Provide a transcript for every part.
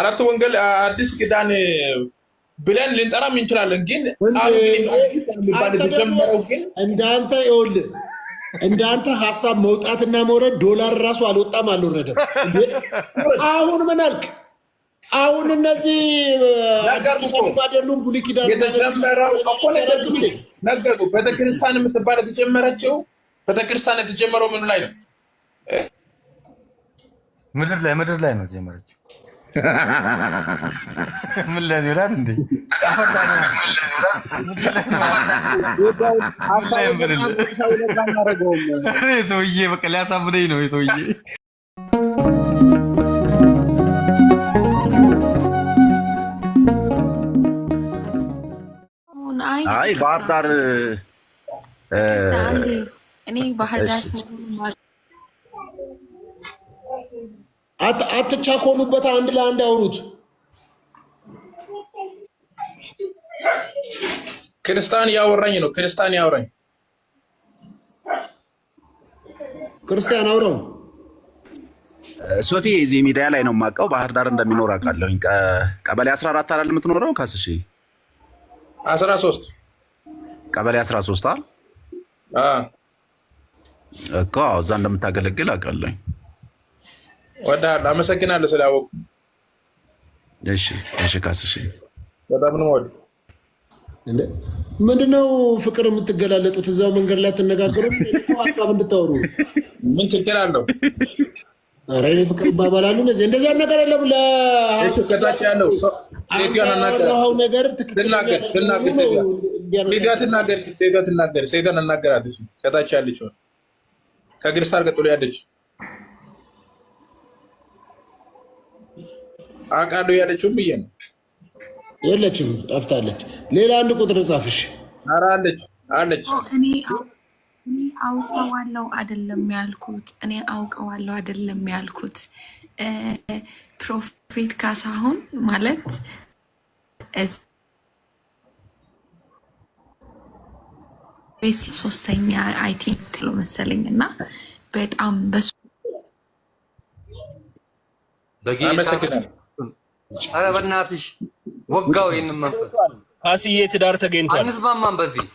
አራት ወንጌል አዲስ ኪዳን ብለን ልንጠራም እንችላለን። ግን እንዳንተ ይኸውልህ እንዳንተ ሀሳብ መውጣትና መውረድ ዶላር ራሱ አልወጣም አልወረደም። አሁን ምን አልክ? አሁን እነዚህ አይደሉም ብሉይ ኪዳን ነገሩ ቤተክርስቲያን የምትባል የተጀመረችው ቤተክርስቲያን የተጀመረው ምኑ ላይ ነው? ምድር ላይ ምድር ላይ ነው የተጀመረችው ምን ለዚህ ብላት እንዴ ሰውዬ በቃ ሊያሳብደኝ ነው ሰውዬ። አይ ባህር ዳር እኔ ባህር ዳር ሰው አትቻኮኑበት አንድ ለአንድ አውሩት። ክርስቲያን ያወራኝ ነው። ክርስቲያን ያወራኝ፣ ክርስቲያን አውረው ሶፊ እዚህ ሚዲያ ላይ ነው የማውቀው። ባህር ዳር እንደሚኖር አውቃለሁኝ። ቀበሌ 14 አላል የምትኖረው ካስሺ 13 ቀበሌ 13 አ እኮ እዛ እንደምታገለግል አውቃለሁኝ። እወድሃለሁ። አመሰግናለሁ ስላወቁ። እሺ፣ እሺ። ካስሽ በጣም ነው ወድ ምንድነው ፍቅር የምትገላለጡት? እዛው መንገድ ላይ አትነጋገሩ? ሀሳብ እንድታወሩ ምን ችግር አለው? ኧረ ፍቅር ይባባላሉ እነዚህ። እንደዚያ ነገር የለም። ለከታች ያለው ነገር ትናገር፣ ትናገር፣ ሴቷን እናገራት። ከታች ያለችው ከግርስታር ቀጥሎ ያለች አውቃለሁ ያለችው ብዬ ነው። የለችም፣ ጠፍታለች። ሌላ አንድ ቁጥር ጻፍሽ። ኧረ አለች አለች። እኔ አውቀዋለሁ አይደለም ያልኩት፣ እኔ አውቀዋለሁ አይደለም ያልኩት። ፕሮፌት ካሳሁን ማለት ቤሲ ሶስተኛ አይቲ ትሎ መሰለኝ እና በጣም በሱ ኧረ በእናትሽ ወጋው። ይህን መንፈስ ካስዬ ትዳር ተገኝቷል። አንስማማም፣ በዚህ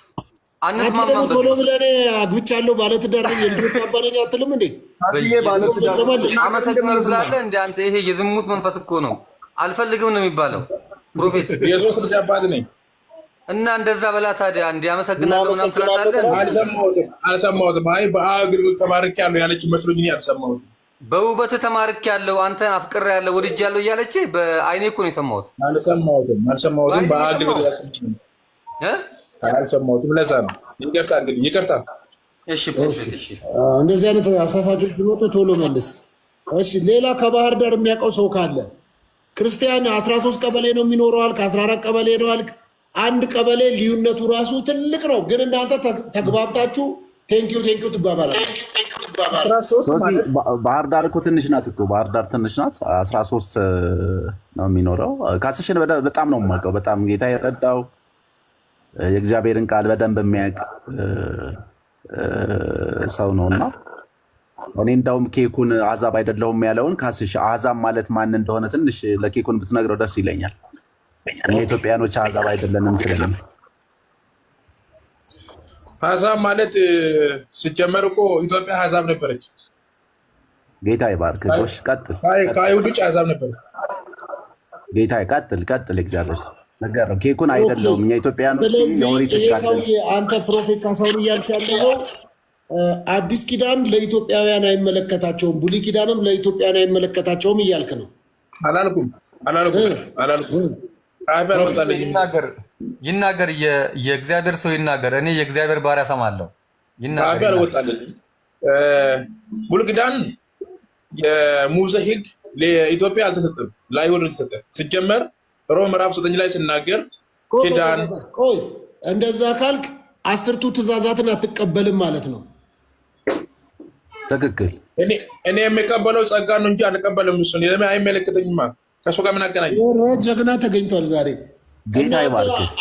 አንስማማም። ቶሎ ብለን አግብቻለሁ ባለትዳር ነኝ የልጆች አትልም እንዴ? አመሰግናል ስላለ እንደ አንተ ይሄ የዝሙት መንፈስ እኮ ነው። አልፈልግም ነው የሚባለው። ፕሮፌት የሶስት ልጅ አባት ነኝ እና እንደዛ በላ ታዲያ እንዲ አመሰግናለሁ ምናምን አልሰማሁትም፣ አልሰማሁትም። አይ ያለች መስሎኝ አልሰማሁትም። በውበት ተማርክ ያለው አንተን አፍቅር ያለው ወድጅ ያለው እያለች በአይኔ እኮ ነው የሰማሁት። አልሰማሁትም፣ አልሰማሁትም። ለዛ ነው ይቅርታ። እንግዲህ ይቅርታ። እንደዚህ አይነት አሳሳቾች ሲመጡ ቶሎ መልስ። እሺ፣ ሌላ ከባህር ዳር የሚያውቀው ሰው ካለ ክርስቲያን አስራ ሶስት ቀበሌ ነው የሚኖረው አልክ፣ አስራ አራት ቀበሌ ነው አልክ። አንድ ቀበሌ ልዩነቱ ራሱ ትልቅ ነው፣ ግን እናንተ ተግባብታችሁ ቴንኪዩ ቴንኪዩ ትባባላለህ። ባህር ዳር እኮ ትንሽ ናት እኮ ባህር ዳር ትንሽ ናት። አስራ ሶስት ነው የሚኖረው። ካስሽን በጣም ነው የማውቀው። በጣም ጌታ የረዳው የእግዚአብሔርን ቃል በደንብ የሚያውቅ ሰው ነው እና እኔ እንዳውም ኬኩን አዛብ አይደለሁም ያለውን ካስሽ አዛብ ማለት ማን እንደሆነ ትንሽ ለኬኩን ብትነግረው ደስ ይለኛል። እኛ ኢትዮጵያኖች አዛብ አይደለንም ስልልም ሀሳብ ማለት ስጀመር እኮ ኢትዮጵያ ሀሳብ ነበረች። ጌታ ይባርክ። ጎሽ ቀጥል። ከአይሁድ ውጭ ሀሳብ ነበረች። ጌታ ቀጥል፣ ቀጥል። እግዚአብሔር ነገረው። ኬኩን አይደለውም እኛ ኢትዮጵያ ስለዚህ ሰውዬ አንተ ፕሮፌት ካሳሁን እያልክ ያለው አዲስ ኪዳን ለኢትዮጵያውያን አይመለከታቸውም፣ ብሉይ ኪዳንም ለኢትዮጵያን አይመለከታቸውም እያልክ ነው። አላልኩም፣ አላልኩም፣ አላልኩም ይናገር፣ የእግዚአብሔር ሰው ይናገር። እኔ የእግዚአብሔር ባሪያ ሰማለሁ። ይናገር አልወጣልኝ። ብሉይ ኪዳን የሙሴ ሕግ ለኢትዮጵያ አልተሰጠም፣ ለአይሁድ ተሰጠ። ሲጀመር ሮም ምዕራፍ ዘጠኝ ላይ ስናገር ኪዳን እንደዛ ካልክ አስርቱ ትእዛዛትን አትቀበልም ማለት ነው። ትክክል። እኔ የሚቀበለው ጸጋ ነው እንጂ አልቀበልም። እሱን ለምን አይመለከተኝም ማለት ከእሱ ጋር ምን አገናኘ? ጀግና ተገኝቷል ዛሬ።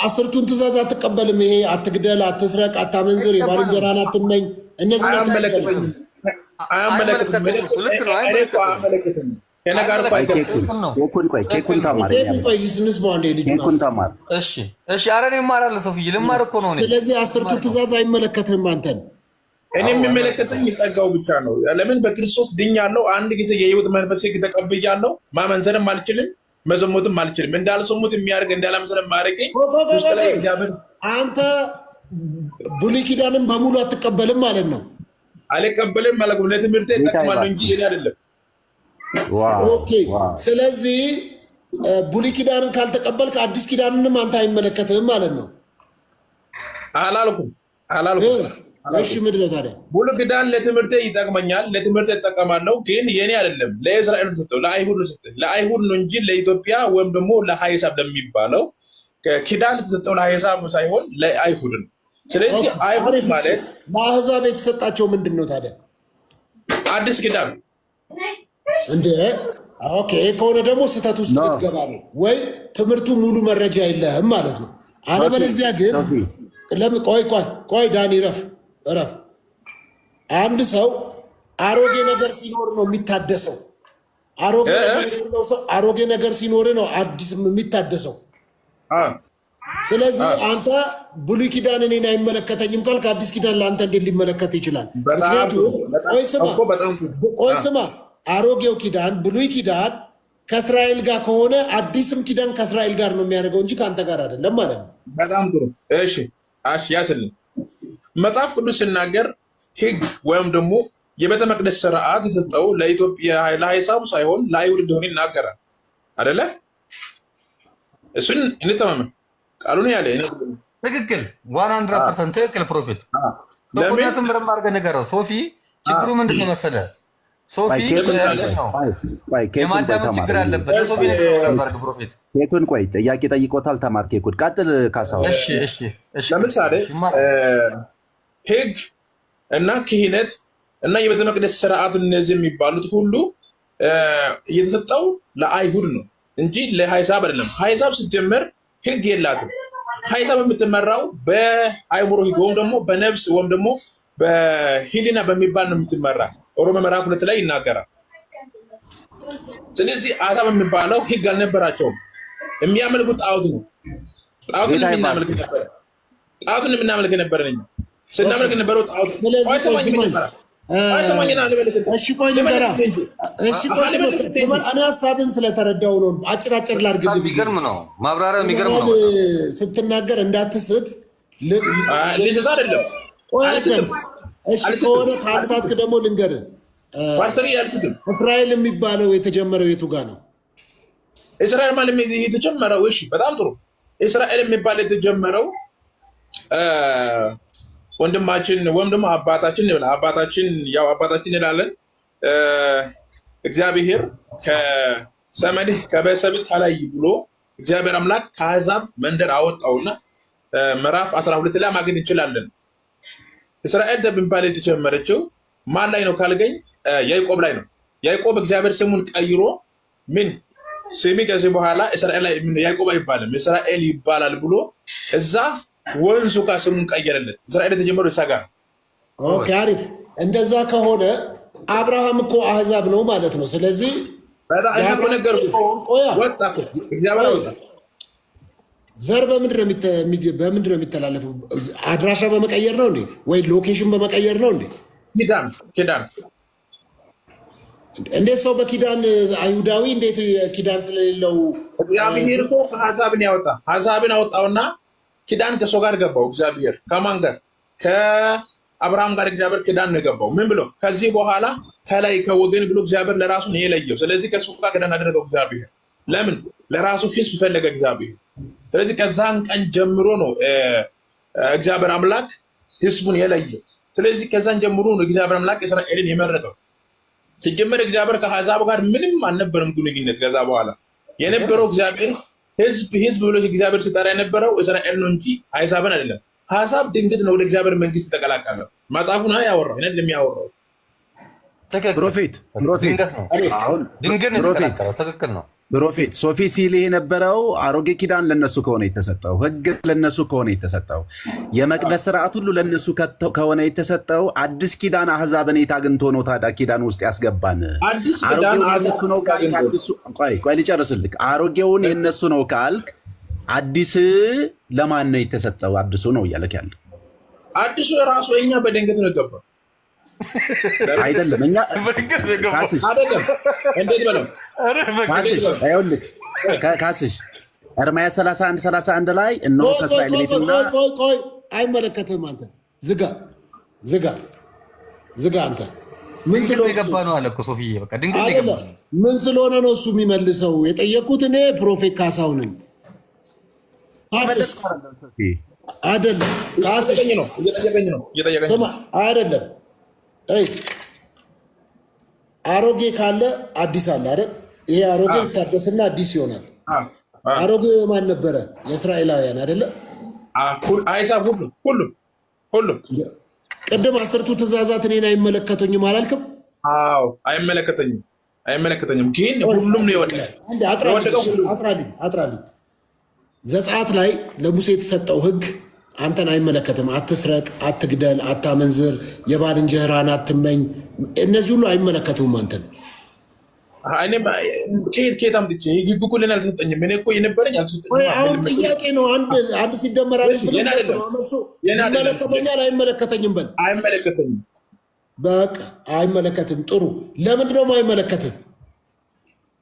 አስርቱን ትእዛዝ አትቀበልም። ይሄ አትግደል፣ አትስረቅ፣ አታመንዝር፣ የባልንጀራን አትመኝ። እነዚህ ስለዚህ አስርቱ ትእዛዝ አንተን እኔ የሚመለከተኝ የጸጋው ብቻ ነው። ለምን በክርስቶስ ድኛለሁ፣ አንድ ጊዜ የህይወት መንፈስ ህግ ተቀብያለሁ። ማመንዘንም አልችልም፣ መዘሞትም አልችልም። እንዳልሰሙት የሚያደርግ እንዳላመሰለ ማድረገኝ አንተ ብሉይ ኪዳንም በሙሉ አትቀበልም ማለት ነው። አልቀበልም ማለት ለትምህርት ይጠቅማለሁ እንጂ እኔ አይደለም። ኦኬ። ስለዚህ ብሉይ ኪዳንን ካልተቀበልክ አዲስ ኪዳንንም አንተ አይመለከትህም ማለት ነው። አላልኩም አላልኩም እሺ ታዲያ? ሙሉ ክዳን ለትምህርት ይጠቅመኛል፣ ለትምህርት እጠቀማለሁ። ግን የኔ አይደለም፣ ለእስራኤል ተሰጠው፣ ለአይሁድ ነው ተሰጠው፣ ለአይሁድ ነው እንጂ ለኢትዮጵያ ወይም ደግሞ ለሀይሳብ ለሚባለው ኪዳን ተሰጠው፣ ለሀይሳብ ሳይሆን ለአይሁድ ነው። ስለዚህ አይሁድ ማለት ለአህዛብ የተሰጣቸው ምንድን ነው ታዲያ? አዲስ ኪዳን እንደ ኦኬ ከሆነ ደግሞ ስህተት ውስጥ ልትገባ ነው ወይ? ትምህርቱ ሙሉ መረጃ የለህም ማለት ነው። አለበለዚያ ግን ቆይ ቆይ ቆይ ዳኒ ረፍ እረፍ። አንድ ሰው አሮጌ ነገር ሲኖር ነው የሚታደሰው። አሮጌ ነገር ሰው አሮጌ ነገር ሲኖር ነው አዲስ የሚታደሰው። ስለዚህ አንተ ብሉይ ኪዳን እኔን አይመለከተኝም ካልክ አዲስ ኪዳን ለአንተ እንዴት ሊመለከት ይችላል? ምክንያቱም ቆይ ስማ፣ አሮጌው ኪዳን ብሉይ ኪዳን ከእስራኤል ጋር ከሆነ አዲስም ኪዳን ከእስራኤል ጋር ነው የሚያደርገው እንጂ ከአንተ ጋር አይደለም ማለት ነው። በጣም ጥሩ እሺ፣ አሽ ያስልን መጽሐፍ ቅዱስ ሲናገር ህግ ወይም ደግሞ የቤተ መቅደስ ስርዓት የተሰጠው ለኢትዮጵያ ለሀይሳቡ ሳይሆን ለአይሁድ እንደሆነ ይናገራል አደለ? እሱን እንተማመን። ቃሉን ያለ ትክክል፣ ዋን ሀንድረድ ፐርሰንት ትክክል። ፕሮፌት በቁዳስም በደንብ አድርገህ ንገረው። ሶፊ ችግሩ ምንድን ነው መሰለህ? ሶፊ የማዳመጥ ችግር አለበት። ሶፊ ነገር ፕሮፊት ኬኩን ቆይ ጥያቄ ጠይቆታል። ተማር ኬኩን ቀጥል። ካሳሁን ለምሳሌ ህግ እና ክህነት እና የቤተ መቅደስ እነዚህ የሚባሉት ሁሉ እየተሰጠው ለአይሁድ ነው እንጂ ለሀይሳብ አይደለም። ሀይሳብ ስትጀምር ህግ የላትም። ሀይሳብ የምትመራው በአይምሮ ህግ ወይም ደግሞ በነፍስ ወይም ደግሞ በሂሊና በሚባል ነው የምትመራ። ሮመ ምዕራፍ ሁለት ላይ ይናገራል። ስለዚህ አሳብ የሚባለው ህግ አልነበራቸውም። የሚያመልኩት ጣዖት ነው። ጣዖትን የምናመልክ ነበረ። ጣዖትን የምናመልክ ነበረ ነኛ ስናመልክ ነበረው እኔ ሀሳብን ስለተረዳው ነው። አጭር አጭር ላድርግ። የሚገርም ነው ማብራሪያው፣ የሚገርም ነው። ስትናገር እንዳትስት ከሆነ ከአንሳትክ ደግሞ እስራኤል የሚባለው የተጀመረው የቱ ጋ ነው? እስራኤል ማለት የተጀመረው፣ እሺ፣ በጣም ጥሩ። እስራኤል የሚባለው የተጀመረው ወንድማችን ወይም ደግሞ አባታችን ይብላ አባታችን ያው አባታችን ይላለን። እግዚአብሔር ከሰመድህ ከበሰብህ ታላይ ብሎ እግዚአብሔር አምላክ ከአሕዛብ መንደር አወጣውና ምዕራፍ 12 ላይ ማግኘት እንችላለን። እስራኤል በሚባል የተጀመረችው ማን ላይ ነው ካልገኝ ያዕቆብ ላይ ነው። ያዕቆብ እግዚአብሔር ስሙን ቀይሮ ምን ስሚ ከዚህ በኋላ እስራኤል ላይ ያዕቆብ አይባልም እስራኤል ይባላል ብሎ እዛ ወንዙ ጋር ስሙን ቀየረለት። እስራኤል የተጀመሩ እሳ ጋር አሪፍ። እንደዛ ከሆነ አብርሃም እኮ አህዛብ ነው ማለት ነው። ስለዚህ ዘር በምንድን ነው የሚተላለፈው? አድራሻ በመቀየር ነው እንዴ? ወይ ሎኬሽን በመቀየር ነው እንዴ? ኪዳን ኪዳን እንዴት ሰው በኪዳን አይሁዳዊ እንዴት ኪዳን ስለሌለው እግዚአብሔር እኮ ሀሳብን ያወጣ ሀዛብን አወጣውና ኪዳን ከሰው ጋር ገባው እግዚአብሔር ከማን ጋር ከአብርሃም ጋር እግዚአብሔር ኪዳን ገባው። ምን ብሎ ከዚህ በኋላ ከላይ ከወገን ብሎ እግዚአብሔር ለራሱ ነው የለየው ስለዚህ ከሱ ጋር ኪዳን አደረገው እግዚአብሔር ለምን ለራሱ ህዝብ ፈለገ እግዚአብሔር ስለዚህ ከዛን ቀን ጀምሮ ነው እግዚአብሔር አምላክ ህዝቡን የለየው ስለዚህ ከዛን ጀምሮ ነው እግዚአብሔር አምላክ እስራኤልን የመረጠው ሲጀመር እግዚአብሔር ከአሕዛብ ጋር ምንም አልነበረም ግንኙነት ከዛ በኋላ የነበረው እግዚአብሔር ህዝብ ህዝብ ብሎ እግዚአብሔር ሲጠራ የነበረው እስራኤል ነው እንጂ ሀሳብን አይደለም። ሀሳብ ድንገት ነው ወደ እግዚአብሔር መንግስት የተቀላቀለው። መጽሐፉን ያወራው አይደለም ፕሮፌት ፕሮፌት ሶፊ ሲል የነበረው አሮጌ ኪዳን ለነሱ ከሆነ የተሰጠው ህግ ለነሱ ከሆነ የተሰጠው የመቅደስ ስርዓት ሁሉ ለነሱ ከሆነ የተሰጠው አዲስ ኪዳን አህዛብን የት አግኝቶ ነው ታዲያ ኪዳን ውስጥ ያስገባን? ቆይ ልጨርስልህ። አሮጌውን የነሱ ነው ካልክ አዲስ ለማን ነው የተሰጠው? አዲሱ ነው እያለክ ያለ አዲሱ ራሱ እኛ በድንገት ነው ገባ አይደለም እኛ ካስሽ እርማያ 31 31 ላይ እነሆ አይመለከትም። አንተ ዝጋ ዝጋ ዝጋ። አንተ ምን ስለሆነ ነው እሱ የሚመልሰው? የጠየኩት እኔ ፕሮፌት ካሳሁንን አይደለም አሮጌ ካለ አዲስ አለ አይደል? ይሄ አሮጌ ይታደስና አዲስ ይሆናል። አሮጌ የማን ነበረ? የእስራኤላውያን አይደለ? ሁሉም ሁሉም ቅድም አስርቱ ትእዛዛት እኔን አይመለከተኝም አላልክም? አዎ አይመለከተኝም፣ አይመለከተኝም ግን ሁሉም ነው ይወደቀ። አጥራልኝ ዘጸአት ላይ ለሙሴ የተሰጠው ህግ አንተን አይመለከትም። አትስረቅ፣ አትግደል፣ አታመንዝር፣ የባልንጀራህን አትመኝ። እነዚህ ሁሉ አይመለከቱም አንተን። ኬት አምጥቼ ህግ እኮ ለእኔ አልተሰጠኝም። እኔ እኮ የነበረኝ ጥያቄ ነው። አንድ ሲደመር ይመለከተኛል አይመለከተኝም? በል አይመለከተኝም። በቃ አይመለከትም። ጥሩ። ለምንድን ነው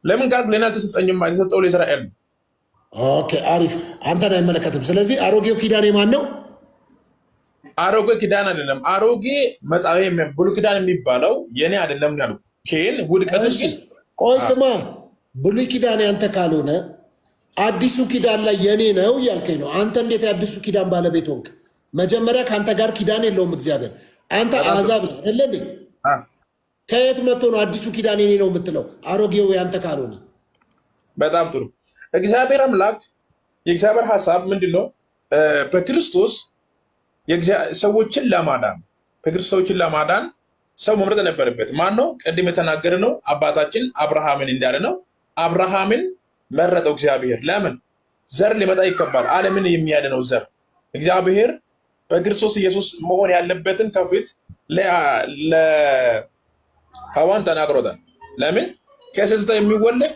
ለምን ካልኩ ለእኔ አልተሰጠኝም። የተሰጠው ለእስራኤል ነው ኦኬ አሪፍ። አንተን አይመለከትም። ስለዚህ አሮጌው ኪዳን የማን ነው? አሮጌ ኪዳን አይደለም። አሮጌ መጽሐፍ ኪዳን የሚባለው የኔ አይደለም ያሉ ኬን ውድቀት። ቆይ ስማ፣ ብሉ ኪዳን ያንተ ካልሆነ አዲሱ ኪዳን ላይ የኔ ነው እያልከኝ ነው። አንተ እንዴት የአዲሱ ኪዳን ባለቤት ሆንክ? መጀመሪያ ከአንተ ጋር ኪዳን የለውም እግዚአብሔር። አንተ አሕዛብ ነህ ከየት መጥቶ ነው አዲሱ ኪዳን የኔ ነው የምትለው? አሮጌው ያንተ ካልሆነ። በጣም ጥሩ እግዚአብሔር አምላክ የእግዚአብሔር ሀሳብ ምንድን ነው? በክርስቶስ ሰዎችን ለማዳን በክርስቶስ ሰዎችን ለማዳን ሰው መምረጥ ነበረበት። ማን ነው? ቅድም የተናገረ ነው። አባታችን አብርሃምን እንዳለ ነው። አብርሃምን መረጠው እግዚአብሔር። ለምን ዘር ሊመጣ ይገባል፣ ዓለምን የሚያድነው ዘር። እግዚአብሔር በክርስቶስ ኢየሱስ መሆን ያለበትን ከፊት ለሐዋን ተናግሮታል። ለምን ከሴት የሚወለድ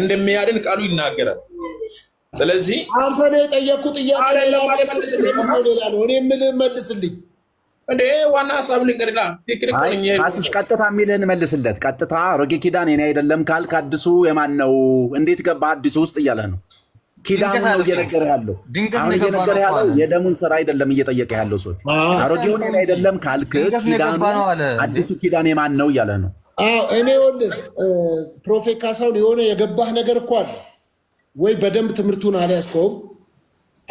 እንደሚያድን ቃሉ ይናገራል። ስለዚህ አንተ ነው የጠየቅኩህ ጥያቄ ነው። እኔ ምን መልስልኝ እንዴ ዋና ሀሳብ ራስሽ ቀጥታ የሚልህን መልስለት። ቀጥታ ሮጌ ኪዳን የኔ አይደለም ካልክ አዲሱ የማን ነው? እንዴት ገባ አዲሱ ውስጥ እያለ ነው። ኪዳኑ ነው ያለው። አሁን እየነገርህ ያለው የደሙን ስራ አይደለም እየጠየቀ ያለው ሰዎች። አሮጌውን የኔ አይደለም ካልክ ኪዳኑ አዲሱ ኪዳን የማን ነው እያለ ነው አዎ እኔ ወልህ ፕሮፌት ካሳሁን የሆነ የገባህ ነገር እኮ አለ ወይ? በደንብ ትምህርቱን አልያዝከውም።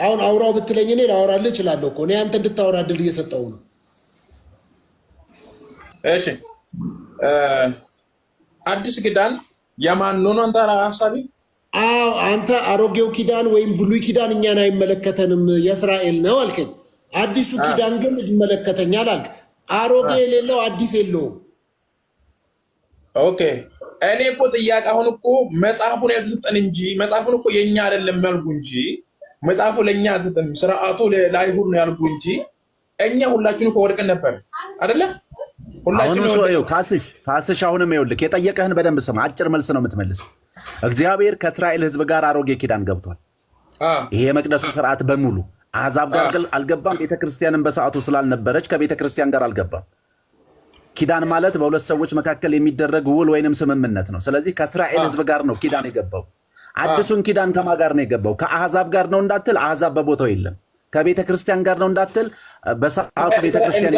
አሁን አውራው ብትለኝ እኔ ላወራልህ እችላለሁ እኮ እኔ አንተ እንድታወራ እድል እየሰጠው ነው። እሺ አዲስ ኪዳን የማን ነው አንተ ሀሳቢ? አዎ አንተ አሮጌው ኪዳን ወይም ብሉይ ኪዳን እኛን አይመለከተንም የእስራኤል ነው አልከኝ። አዲሱ ኪዳን ግን ይመለከተኛል አልክ። አሮጌ የሌለው አዲስ የለውም ኦኬ እኔ እኮ ጥያቄ አሁን እኮ መጽሐፉን ያልተሰጠን እንጂ መጽሐፉን እኮ የእኛ አይደለም ያልኩ እንጂ መጽሐፉ ለእኛ አልተሰጠንም፣ ስርዓቱ ለአይሁድ ነው ያልጉ እንጂ እኛ ሁላችን እኮ ወድቀን ነበር አደለ? ካስሽ አሁንም ይኸውልህ የጠየቀህን በደንብ ስማ። አጭር መልስ ነው የምትመልስ። እግዚአብሔር ከእስራኤል ሕዝብ ጋር አሮጌ ኪዳን ገብቷል። ይሄ የመቅደሱ ስርዓት በሙሉ አሕዛብ ጋር አልገባም። ቤተክርስቲያንን በሰዓቱ ስላልነበረች ከቤተክርስቲያን ጋር አልገባም። ኪዳን ማለት በሁለት ሰዎች መካከል የሚደረግ ውል ወይንም ስምምነት ነው። ስለዚህ ከእስራኤል ሕዝብ ጋር ነው ኪዳን የገባው። አዲሱን ኪዳን ከማ ጋር ነው የገባው? ከአህዛብ ጋር ነው እንዳትል፣ አህዛብ በቦታው የለም። ከቤተ ክርስቲያን ጋር ነው እንዳትል፣ በሰዓቱ ቤተ ክርስቲያን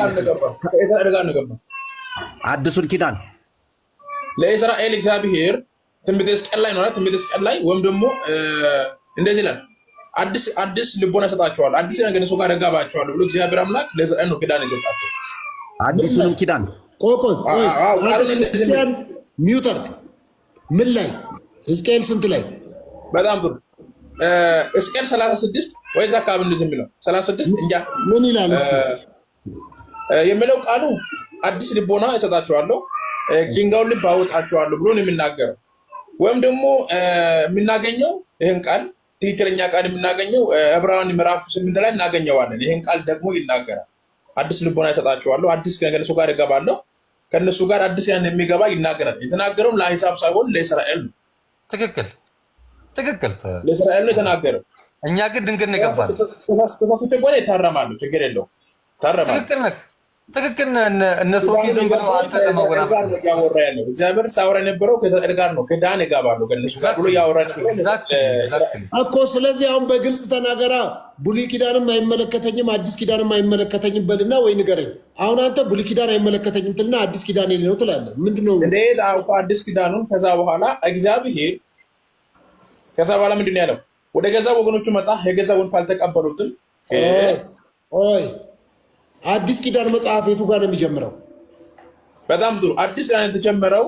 አዲሱን ኪዳን ለእስራኤል እግዚአብሔር ትንቢተ ሕዝቅኤል ላይ ኖራል። ትንቢተ ሕዝቅኤል ላይ ወይም ደግሞ እንደዚህ ይላል አዲስ አዲስ ልቦና ይሰጣቸዋል፣ አዲስ ነገር እሱ ጋር እጋባቸዋለሁ ብሎ እግዚአብሔር አምላክ ለእስራኤል ነው ኪዳን የሰጣቸው አዲሱንም ኪዳን ቆቆይ ክርስቲያን ሚውተር ምን ላይ ሕዝቅኤል ስንት ላይ? በጣም ጥሩ ሕዝቅኤል 36 ወይ ወይዛ አካባቢ እንደዚህ የሚለው 36 እንጃ ምን ይላል የሚለው ቃሉ አዲስ ልቦና እሰጣቸዋለሁ ድንጋዩን ልብ አወጣቸዋለሁ ብሎ ነው የሚናገረው። ወይም ደግሞ የምናገኘው ይህን ቃል ትክክለኛ ቃል የምናገኘው ዕብራውያን ምዕራፍ ስምንት ላይ እናገኘዋለን። ይህን ቃል ደግሞ ይናገራል። አዲስ ልቦና ይሰጣቸዋለሁ፣ አዲስ ከእነርሱ ጋር እገባለሁ ከእነሱ ጋር አዲስ ያን የሚገባ ይናገራል። የተናገረውም ለአሕዛብ ሳይሆን ለእስራኤል ነው። ትክክል ትክክል፣ ለእስራኤል ነው የተናገረው። እኛ ግን ድንግን ነው የገባነው። ከሆነ ይታረማሉ፣ ችግር የለውም። ታረማሉ። ትክክል ነህ። ትክክል። እነ ሶፊ ዝም ብለው አንተ ለማወራ እያወራ ያለው እግዚአብሔር ሳውራ የነበረው ከዘር ጋር ነው። ከዳን ይጋባሉ ከነሱ ጋር ብሎ ያወራ እኮ። ስለዚህ አሁን በግልጽ ተናገራ። ብሉይ ኪዳንም አይመለከተኝም አዲስ ኪዳንም አይመለከተኝም በልና ወይ ንገረኝ። አሁን አንተ ብሉይ ኪዳን አይመለከተኝም ትልና አዲስ ኪዳን የሌለው ትላለህ። ምንድን ነው ሌላ እኮ አዲስ ኪዳኑን ከዛ በኋላ እግዚአብሔር ከዛ በኋላ ምንድን ነው ያለው? ወደ ገዛ ወገኖቹ መጣ፣ የገዛ ወንፍ አልተቀበሉትም። ይ አዲስ ኪዳን መጽሐፍ የቱ ጋር ነው የሚጀምረው? በጣም ጥሩ። አዲስ ኪዳን የተጀመረው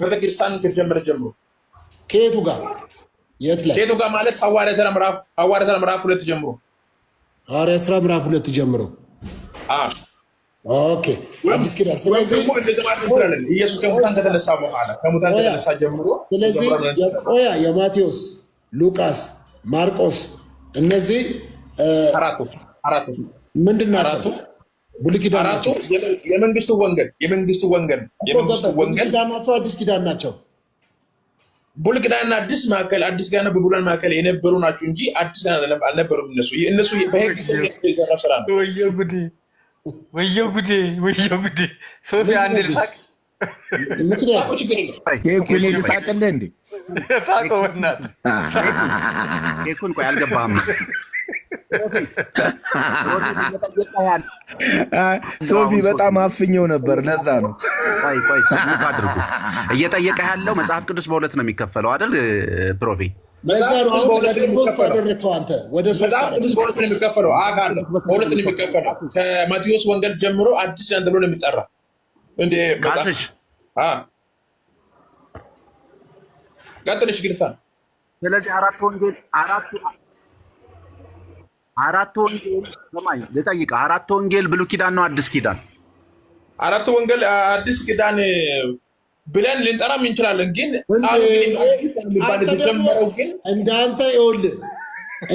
ቤተክርስቲያን ከተጀመረ ጀምሮ ከየቱ ጋር የት ላይ ከየቱ ጋር ማለት ሐዋርያት ሥራ ምዕራፍ ሥራ ምዕራፍ ሁለት ጀምሮ ሐዋርያት ሥራ ምዕራፍ ሁለት ጀምሮ። ኦኬ አዲስ ኪዳን። ስለዚህ ኢየሱስ ከሙታን ከተነሳ በኋላ ከሙታን ከተነሳ ጀምሮ። ስለዚህ ቆያ የማቴዎስ ሉቃስ፣ ማርቆስ እነዚህ ምንድን ናቸው? ብሉይ ኪዳን አራቱ የመንግስቱ ወንጌል የመንግስቱ ወንጌል የመንግስቱ ወንጌል ናቸው። አዲስ ኪዳን ናቸው። ብሉይ ኪዳንና አዲስ ማዕከል አዲስ ኪዳንና በብሉይ ማዕከል የነበሩ ናቸው እንጂ አዲስ ኪዳን አልነበሩም። እነሱ እነሱ በህግ ዘራፍ ስራ ነው። ወየው ጉዴ፣ ወየው ጉዴ፣ ወየው ጉዴ። ሶፊ አንድ ልሳቅ። ምክንያቱ ችግር ነው። ኬኩን ልሳቅልህ እንዴ? ሳቀው እናት ኬኩን። ቆይ አልገባህም ሶፊ በጣም አፍኘው ነበር። ለዛ ነው አድርጉ እየጠየቀ ያለው መጽሐፍ ቅዱስ በሁለት ነው የሚከፈለው አይደል? ፕሮፌ ከማቴዎስ ወንጌል ጀምሮ አዲስ ኪዳን ብሎ ነው የሚጠራ። ቀጥልሽ ግልታ። ስለዚህ አራት ወንጌል አራቱ አራት ወንጌል ሰማይ ልጠይቅ። አራት ወንጌል ብሉይ ኪዳን ነው አዲስ ኪዳን? አራት ወንጌል አዲስ ኪዳን ብለን ልንጠራም እንችላለን። ግን እንዳንተ ይኸውልህ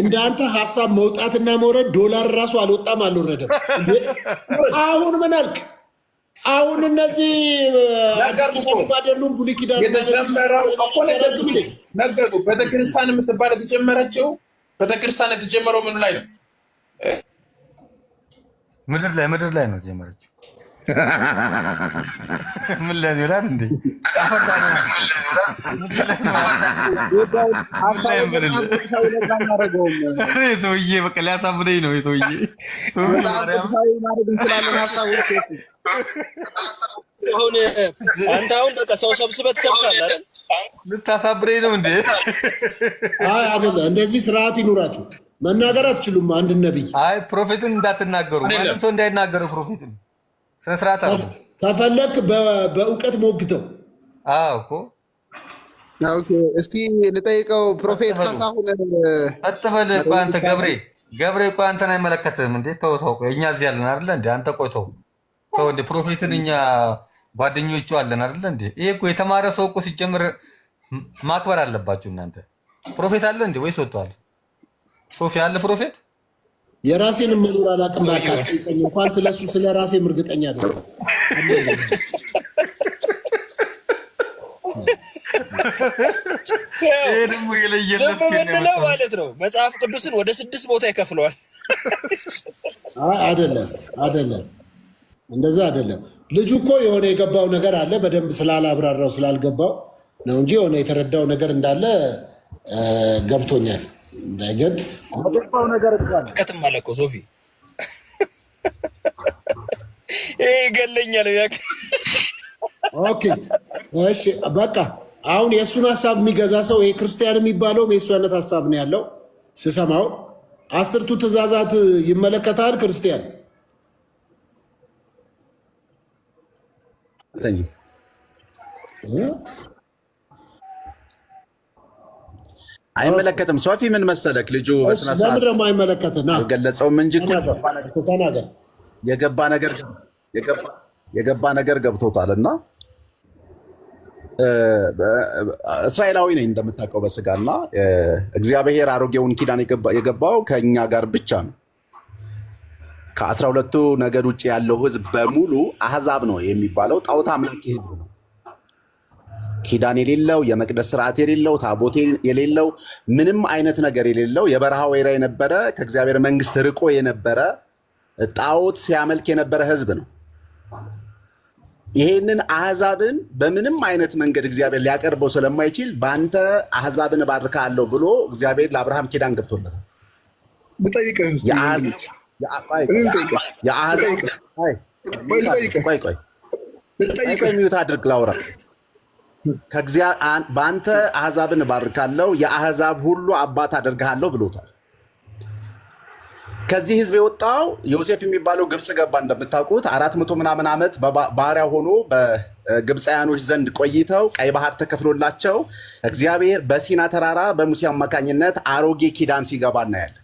እንዳንተ ሀሳብ መውጣትና መውረድ ዶላር ራሱ አልወጣም አልወረደም። አሁን ምን አልክ? አሁን እነዚህ አይደሉም ብሉይ ኪዳን ነገሩ ቤተክርስቲያን የምትባል የተጨመረችው ቤተክርስቲያን የተጀመረው ምኑ ላይ ነው? ምድር ላይ ምድር ላይ ነው የተጀመረችው። ምን ላይ ይላል እንዴ? ሰውዬ በቃ ሊያሳብደኝ ነው ሰውዬ አሁን አንተ አሁን በቃ ሰው ሰብስበት ሰብካለ ልታሳብሬ ነው እንዴ? አይ አይደለ። እንደዚህ ስርዓት ይኑራችሁ። መናገር አትችሉም። አንድ ነብይ አይ ፕሮፌቱን እንዳትናገሩ ሰው እንዳይናገሩ ፕሮፌቱን ስነ ስርዓት አለ። ከፈለክ በእውቀት ሞግተው። አዎ እኮ እስቲ ልጠይቀው ፕሮፌት ካሳሁን አጥበል። እኮ አንተ ገብሬ ገብሬ እኮ አንተን አይመለከትም እንዴ? ተው ተው፣ እኛ እዚህ ያለን አይደለ እንዴ? አንተ ቆይ ተው ተው፣ እንደ ፕሮፌትን እኛ ጓደኞቹ አለን አይደለ እንዴ? ይሄ እኮ የተማረ ሰው እኮ ሲጀምር ማክበር አለባችሁ እናንተ። ፕሮፌት አለ እንዴ ወይስ ወጥቷል? ሶፊ አለ ፕሮፌት። የራሴን መኖር አላውቅም። ባካችሁ እንኳን ስለሱ ስለ ራሴ እርግጠኛ አይደለም። ይሄ ደግሞ የለየለት ነው ማለት ነው። መጽሐፍ ቅዱስን ወደ ስድስት ቦታ ይከፍለዋል። አይደለም አይደለም እንደዛ አይደለም። ልጁ እኮ የሆነ የገባው ነገር አለ በደንብ ስላላብራራው ስላልገባው ነው እንጂ የሆነ የተረዳው ነገር እንዳለ ገብቶኛል። ግን ነገር ቀትም አለ እኮ ሶፊ ይገለኛል። ኦኬ በቃ አሁን የእሱን ሀሳብ የሚገዛ ሰው ይሄ ክርስቲያን የሚባለውም የእሱ አይነት ሀሳብ ነው ያለው ስሰማው። አስርቱ ትእዛዛት ይመለከታል ክርስቲያን አልተኝም። አይመለከትም። ሶፊ ምን መሰለክ ልጁ ገለጸውም እንጂ የገባ ነገር ገብቶታል። እና እስራኤላዊ ነኝ እንደምታውቀው በስጋ እና እግዚአብሔር አሮጌውን ኪዳን የገባው ከእኛ ጋር ብቻ ነው ከአስራ ሁለቱ ነገድ ውጭ ያለው ህዝብ በሙሉ አህዛብ ነው የሚባለው። ጣዖት አምላኪ ህዝብ ነው። ኪዳን የሌለው የመቅደስ ስርዓት የሌለው ታቦት የሌለው ምንም አይነት ነገር የሌለው የበረሃ ወይራ የነበረ ከእግዚአብሔር መንግስት ርቆ የነበረ ጣዖት ሲያመልክ የነበረ ህዝብ ነው። ይሄንን አህዛብን በምንም አይነት መንገድ እግዚአብሔር ሊያቀርበው ስለማይችል በአንተ አህዛብን እባርካለሁ ብሎ እግዚአብሔር ለአብርሃም ኪዳን ገብቶለታል። ሚዩት አድርግ ላውራ። በአንተ አህዛብን እባርካለሁ የአህዛብ ሁሉ አባት አደርግሃለሁ ብሎታል። ከዚህ ህዝብ የወጣው ዮሴፍ የሚባለው ግብፅ ገባ። እንደምታውቁት አራት መቶ ምናምን ዓመት ባሪያ ሆኖ በግብፃውያኖች ዘንድ ቆይተው ቀይ ባህር ተከፍሎላቸው እግዚአብሔር በሲና ተራራ በሙሴ አማካኝነት አሮጌ ኪዳን ሲገባ እናያለን።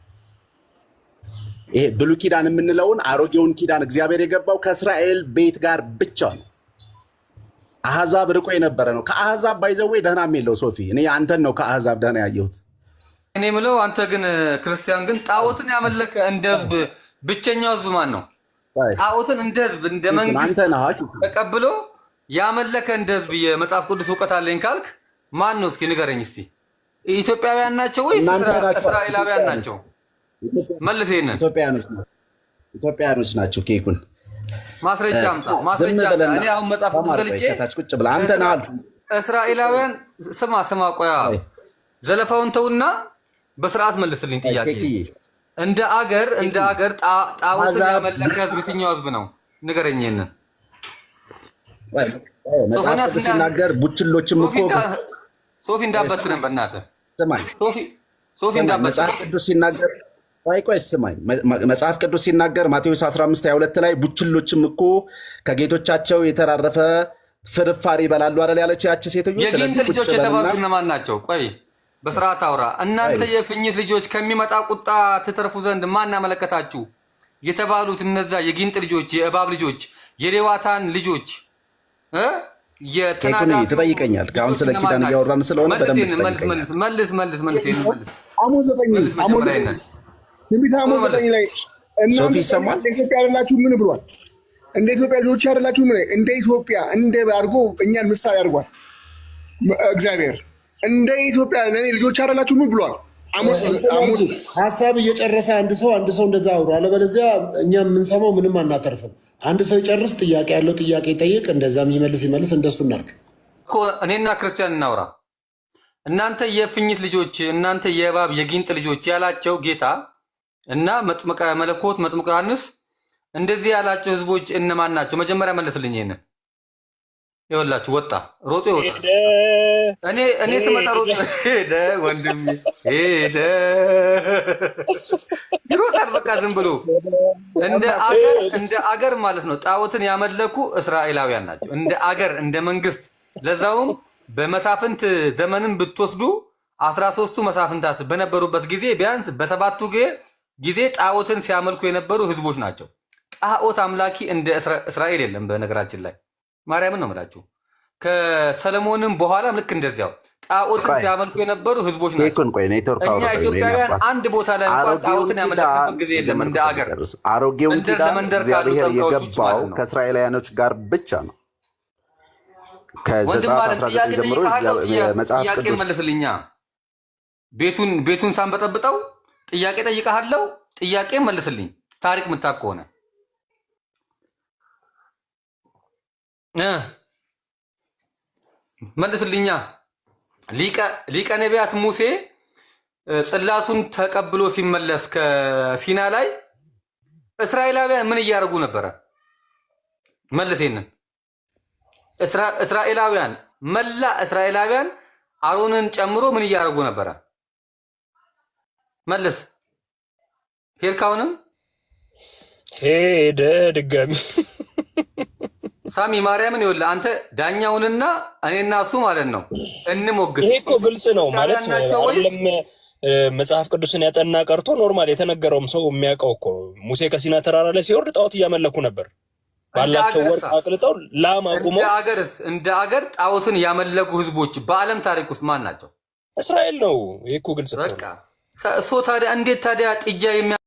ይሄ ብሉ ኪዳን የምንለውን አሮጌውን ኪዳን እግዚአብሔር የገባው ከእስራኤል ቤት ጋር ብቻ ነው። አህዛብ ርቆ የነበረ ነው። ከአህዛብ ባይዘዌ ደህናም የለው። ሶፊ እኔ አንተን ነው ከአህዛብ ደህና ያየሁት። እኔ ምለው አንተ ግን ክርስቲያን ግን ጣዖትን ያመለከ እንደ ህዝብ ብቸኛው ህዝብ ማን ነው? ጣዖትን እንደ ህዝብ እንደ መንግስት ተቀብሎ ያመለከ እንደ ህዝብ የመጽሐፍ ቅዱስ እውቀት አለኝ ካልክ ማን ነው? እስኪ ንገረኝ። እስቲ ኢትዮጵያውያን ናቸው ወይስ እስራኤላውያን ናቸው? መልስ ይሄንን ኢትዮጵያውያኖች ናቸው። ኬኩን ማስረጃ አምጣ፣ ማስረጃ አምጣ። እኔ አሁን መጽሐፍ ገልጬ እስራኤላውያን ስማ ስማ፣ ቆያ ዘለፋውን ተውና በስርዓት መልስልኝ ጥያቄ። እንደ አገር እንደ አገር ጣዖትን ያመለከ ህዝብ የትኛው ህዝብ ነው? ንገረኝ። ይሄንን መጽሐፍ ሲናገር ቡችሎችም እኮ ሶፊ እንዳበትንም በእናትህ ሶፊ እንዳበትንም መጽሐፍ ቅዱስ ሲናገር ቆይ ቆይ ስማኝ፣ መጽሐፍ ቅዱስ ሲናገር ማቴዎስ 15 22 ላይ ቡችሎችም እኮ ከጌቶቻቸው የተራረፈ ፍርፋሪ ይበላሉ አይደል ያለች ያች ሴትዮ። የጊንት ልጆች የተባሉት እነማን ናቸው? ቆይ በስርዓት አውራ። እናንተ የፍኝት ልጆች ከሚመጣ ቁጣ ትተርፉ ዘንድ ማን አመለከታችሁ የተባሉት እነዛ የጊንጥ ልጆች፣ የእባብ ልጆች፣ የሌዋታን ልጆች የትናዳ ትጠይቀኛል። አሁን ስለ ኪዳን እያወራን ስለሆነ በደንብ መልስ መልስ መልስ መልስ ትንቢተ አሞጽ ዘጠኝ ላይ እናንተ ኢትዮጵያ አይደላችሁ ምን ብሏል? እንደ ኢትዮጵያ ልጆች አይደላችሁ ምን እንደ ኢትዮጵያ እንደ አድርጎ እኛን ምሳሌ አድርጓል እግዚአብሔር። እንደ ኢትዮጵያ ለእኔ ልጆች አይደላችሁ ምን ብሏል? ሀሳብ እየጨረሰ አንድ ሰው አንድ ሰው እንደዛ አውሩ፣ አለበለዚያ እኛ የምንሰማው ምንም አናተርፍም። አንድ ሰው ይጨርስ፣ ጥያቄ ያለው ጥያቄ ይጠይቅ፣ እንደዛም ይመልስ ይመልስ፣ እንደሱ እናርግ። እኔና ክርስቲያን እናውራ። እናንተ የፍኝት ልጆች፣ እናንተ የእባብ የጊንጥ ልጆች ያላቸው ጌታ እና መጥምቀ መለኮት መጥምቀ ዮሐንስ እንደዚህ ያላቸው ህዝቦች እነማን ናቸው? መጀመሪያ መለስልኝ። ይሄንን ይወላችሁ ወጣ ሮጦ ይወጣ። እኔ እኔ ስመጣ ሮጦ ሄደ፣ ወንድም ሄደ ይሮጣል። በቃ ዝም ብሎ እንደ አገር እንደ አገር ማለት ነው። ጣዖትን ያመለኩ እስራኤላውያን ናቸው። እንደ አገር እንደ መንግስት፣ ለዛውም በመሳፍንት ዘመንም ብትወስዱ አስራ ሶስቱ መሳፍንታት በነበሩበት ጊዜ ቢያንስ በሰባቱ ጊዜ ጊዜ ጣዖትን ሲያመልኩ የነበሩ ህዝቦች ናቸው። ጣዖት አምላኪ እንደ እስራኤል የለም። በነገራችን ላይ ማርያምን ነው የምላችሁ። ከሰለሞንም በኋላም ልክ እንደዚያው ጣዖትን ሲያመልኩ የነበሩ ህዝቦች ናቸው። እኛ ኢትዮጵያውያን አንድ ቦታ ላይ እንኳን ጣዖትን ያመለክበት ጊዜ የለም። እንደ አገር አሮጌውን ኪዳን እግዚአብሔር የገባው ከእስራኤላውያኖች ጋር ብቻ ነው። ከዘጸአት ጥያቄ ጀምሮ መጽሐፍ ቅዱስ መልስልኛ ቤቱን ሳንበጠብጠው ጥያቄ ጠይቀሃለው፣ ጥያቄ መልስልኝ። ታሪክ ምታቅ ከሆነ መልስልኛ። ሊቀ ነቢያት ሙሴ ጽላቱን ተቀብሎ ሲመለስ ከሲና ላይ እስራኤላውያን ምን እያደረጉ ነበረ? መልሴንን እስራኤላውያን መላ እስራኤላውያን አሮንን ጨምሮ ምን እያደረጉ ነበረ? መልስ። ሄድክ አሁንም ሄደ ድጋሚ ሳሚ ማርያምን ይወል አንተ ዳኛውንና እኔና እሱ ማለት ነው እንሞግት። ይሄ እኮ ግልጽ ነው ማለት ነው። መጽሐፍ ቅዱስን ያጠና ቀርቶ ኖርማል የተነገረውም ሰው የሚያውቀው እኮ ሙሴ ከሲና ተራራ ላይ ሲወርድ ጣዖት እያመለኩ ነበር። ባላቸው ወርቅ አቅልጠው ላም አቁመው። አገርስ እንደ አገር ጣዖትን ያመለኩ ህዝቦች በዓለም ታሪክ ውስጥ ማን ናቸው? እስራኤል ነው። ይሄ እኮ ግልጽ በቃ ሶ ታዲያ እንዴት ታዲያ ጥጃ የሚያ